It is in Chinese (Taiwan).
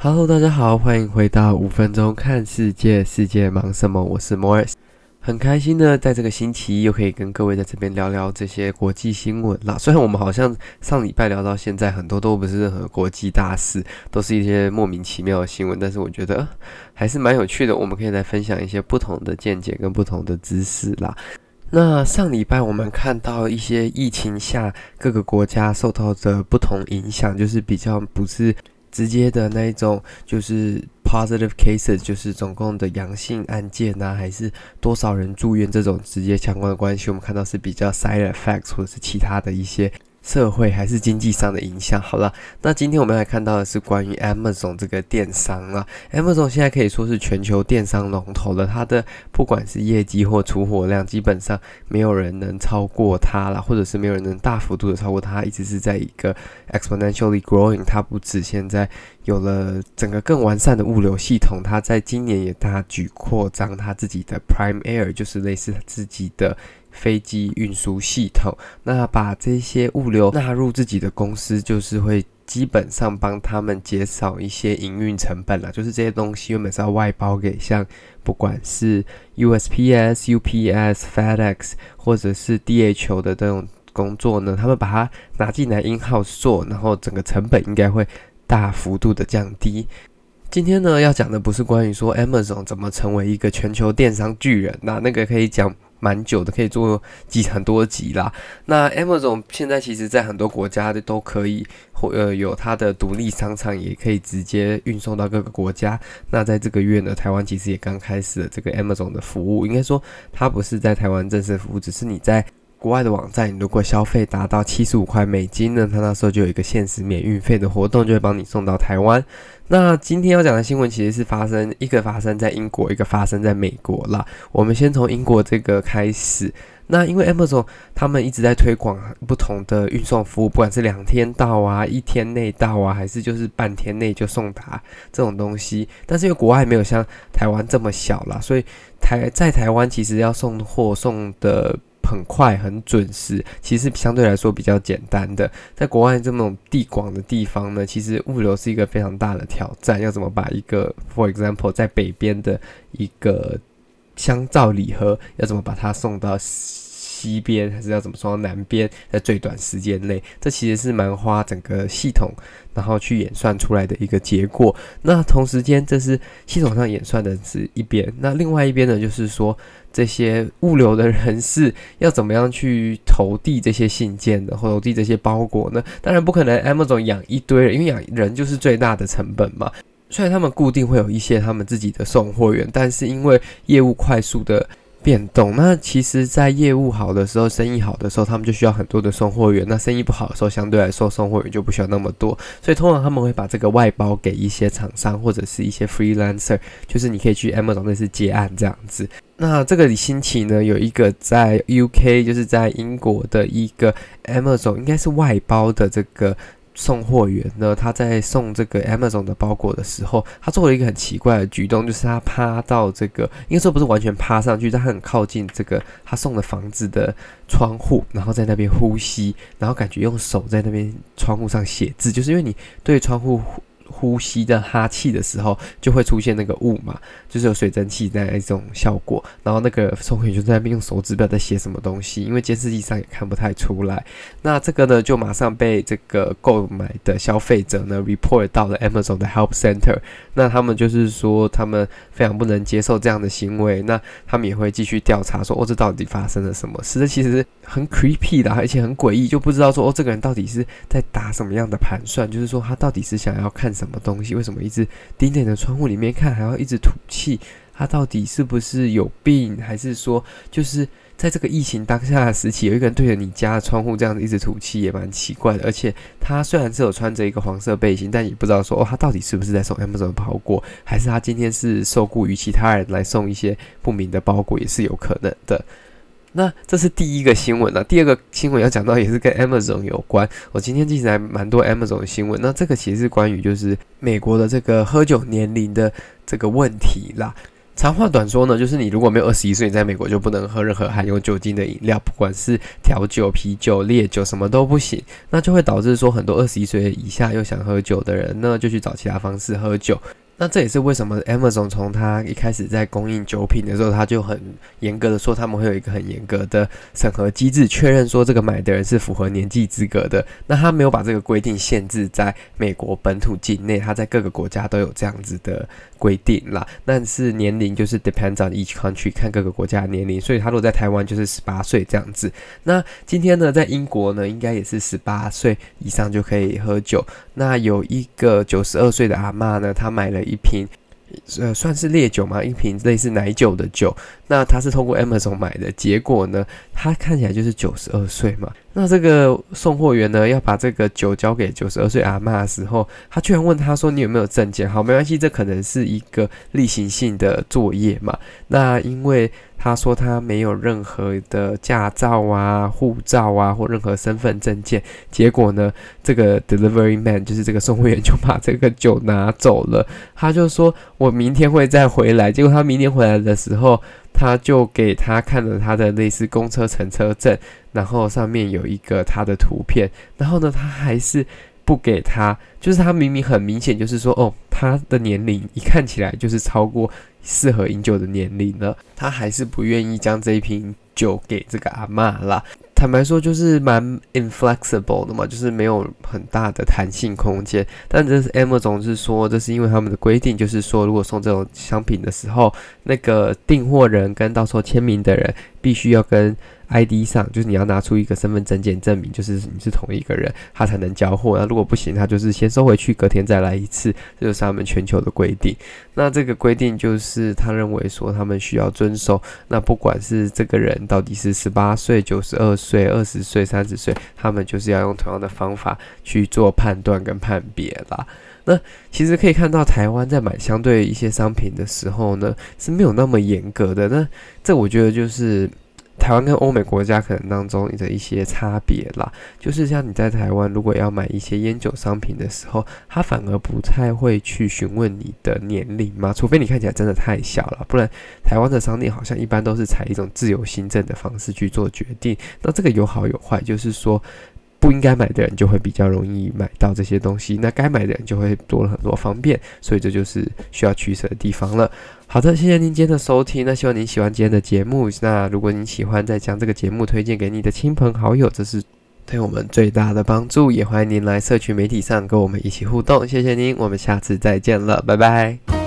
哈嘍，大家好，歡迎回到五分鐘看世界，世界忙什麼？我是 Morris，很開心呢，在這個星期一又可以跟各位在這邊聊聊這些國際新聞啦。雖然我們好像上禮拜聊到現在，很多都不是任何國際大事，都是一些莫名其妙的新聞，但是我覺得還是蠻有趣的。我們可以來分享一些不同的見解跟不同的知識啦。那上禮拜我們看到一些疫情下各個國家受到的不同影響，就是比較不是。直接的那一種就是 positive cases，就是總共的陽性案件呢，還是多少人住院這種直接相關的關係，我們看到是比較 side effects 或者是其他的一些，社會還是經濟上的影響。好了，那今天我們來看到的是關於 Amazon 這個電商啊，Amazon 現在可以說是全球電商龍頭了。它的不管是業績或出貨量，基本上沒有人能超過它了，或者是沒有人能大幅度的超過它。它一直是在一個 exponentially growing。它不止現在有了整個更完善的物流系統，它在今年也大舉擴張它自己的 Prime Air，就是類似它自己的。飛機運輸系統，那把這些物流納入自己的公司，就是會基本上幫他們減少一些營運成本了。就是這些東西原本是要外包給像不管是 USPS、UPS、FedEx 或者是 d h 球的這種工作呢，他們把它拿進來 Inhouse 做，然後整個成本應該會大幅度的降低。今天呢，要講的不是關於說 Amazon 怎麼成為一個全球電商巨人，那那個可以講。蠻久的，可以做幾很多集啦。那 Amazon 現在其實在很多國家都都可以，或呃有它的獨立商場，也可以直接運送到各個國家。那在這個月呢，台灣其實也剛開始了這個 Amazon 的服務，應該說它不是在台灣正式服務，只是你在。國外的網站，你如果消費達到七十五塊美金呢，他那時候就有一個限時免運費的活動，就會幫你送到台灣。那今天要講的新聞其實是發生一個發生在英國，一個發生在美國啦。我們先從英國這個開始。那因為 Amazon 他們一直在推廣不同的運送服務，不管是兩天到啊，一天內到啊，還是就是半天內就送達這種東西。但是因為國外沒有像台灣這麼小啦，所以台在台灣其實要送貨送的。很快、很準時，其實相對來說比較簡單的。在國外這種地廣的地方呢，其實物流是一個非常大的挑戰。要怎麼把一個，for example，在北邊的一個香皂禮盒，要怎麼把它送到西邊，還是要怎麼送到南邊，在最短時間內？這其實是蠻花整個系統，然後去演算出來的一個結果。那同時間，這是系統上演算的是一邊，那另外一邊呢，就是說。這些物流的人士要怎麼樣去投遞這些信件的，或者投遞這些包裹呢？當然不可能，Amazon 養一堆人，因為養人就是最大的成本嘛。雖然他們固定會有一些他們自己的送貨員，但是因為業務快速的。變動。那其實，在業務好的時候，生意好的時候，他們就需要很多的送貨員。那生意不好的時候，相對來說，送貨員就不需要那麼多。所以，通常他們會把這個外包給一些廠商或者是一些 freelancer，就是你可以去 Amazon 那是接案這樣子。那這個星期呢，有一個在 UK，就是在英國的一個 Amazon，應該是外包的這個。送貨員呢，他在送這個 Amazon 的包裹的時候，他做了一個很奇怪的舉動，就是他趴到這個，應該說不是完全趴上去，但他很靠近這個他送的房子的窗戶，然後在那邊呼吸，然後感覺用手在那邊窗戶上寫字，就是因為你對窗戶。呼吸的哈氣的時候，就會出現那個霧嘛，就是有水蒸氣那一種效果。然後那個送員就在那邊用手指，標在寫什麼東西，因為監視器上也看不太出來。那這個呢，就馬上被這個購買的消費者呢 report 到了 Amazon 的 Help Center。那他們就是說，他們非常不能接受這樣的行為。那他們也會繼續調查說，說哦，這到底發生了什麼事？這其實很 creepy 的，而且很詭異，就不知道說哦，這個人到底是在打什麼樣的盤算？就是說他到底是想要看。什麼東西？為什麼一直盯着你的窗戶裡面看，還要一直吐氣？他到底是不是有病，還是說，就是在這個疫情當下的時期，有一個人對着你家的窗戶這樣子一直吐氣，也蠻奇怪的。而且，他雖然是有穿着一個黃色背心，但也不知道說，哦，他到底是不是在送 Amazon 包裹，還是他今天是受僱於其他人來送一些不明的包裹，也是有可能的。那這是第一個新聞啦。第二個新聞要講到也是跟 Amazon 有關。我、哦、今天記起來蠻多 Amazon 的新聞。那這個其實是關於就是美國的這個喝酒年齡的這個問題啦。長話短說呢，就是你如果沒有二十一歲，你在美國就不能喝任何含有酒精的飲料，不管是調酒、啤酒、烈酒，什麼都不行。那就會導致說很多二十一歲以下又想喝酒的人呢，就去找其他方式喝酒。那這也是為什麼 Emma 總從他一開始在供應酒品的時候，他就很嚴格的說他們會有一個很嚴格的審核機制，確認說這個買的人是符合年紀資格的。那他沒有把這個規定限制在美國本土境內，他在各個國家都有這樣子的規定啦。但是年齡就是 depend on each country，看各個國家的年齡。所以他如落在台灣就是十八歲這樣子。那今天呢，在英國呢，應該也是十八歲以上就可以喝酒。那有一個九十二歲的阿媽呢，她買了。一瓶，呃，算是烈酒嘛，一瓶類似奶酒的酒。那他是通過 Amazon 買的，結果呢，他看起來就是九十二歲嘛。那這個送貨員呢，要把這個酒交給九十二歲阿媽的時候，他居然問他說：“你有沒有證件？”好，沒關係，這可能是一個例行性的作業嘛。那因為。他說他沒有任何的駕照啊、護照啊或任何身份證件，結果呢，這個 delivery man 就是這個送貨員就把這個酒拿走了。他就說我明天會再回來，結果他明天回來的時候，他就給他看了他的類似公車乘車證，然後上面有一個他的圖片，然後呢，他還是。不給他，就是他明明很明顯就是說，哦，他的年齡一看起來就是超過適合飲酒的年齡了，他還是不願意將這一瓶酒給這個阿嬤啦。坦白說，就是蠻 inflexible 的嘛，就是沒有很大的彈性空間。但這是 Amazon 是說，這是因為他們的規定，就是說如果送這種商品的時候，那個訂貨人跟到時候簽名的人。必須要跟 ID 上，就是你要拿出一個身份證件證明，就是你是同一個人，他才能交貨。那如果不行，他就是先收回去，隔天再來一次。這就是他們全球的規定。那這個規定就是他認為說他們需要遵守。那不管是這個人到底是十八歲、九十二歲、二十歲、三十歲，他們就是要用同樣的方法去做判斷跟判別啦。那其實可以看到，台灣在買相對一些商品的時候呢，是沒有那麼嚴格的。那這我覺得就是台灣跟歐美國家可能當中的一些差別啦。就是像你在台灣，如果要買一些菸酒商品的時候，他反而不太會去詢問你的年齡嘛，除非你看起來真的太小了，不然台灣的商店好像一般都是採一種自由心證的方式去做決定。那這個有好有壞，就是說。不應該買的人就會比較容易買到這些東西，那該買的人就會多了很多方便，所以這就是需要取捨的地方了。好的，謝謝您今天的收聽，那希望您喜歡今天的節目。那如果您喜歡，再將這個節目推薦給你的親朋好友，這是對我們最大的幫助。也歡迎您來社群媒體上跟我們一起互動。謝謝您，我們下次再見了，拜拜。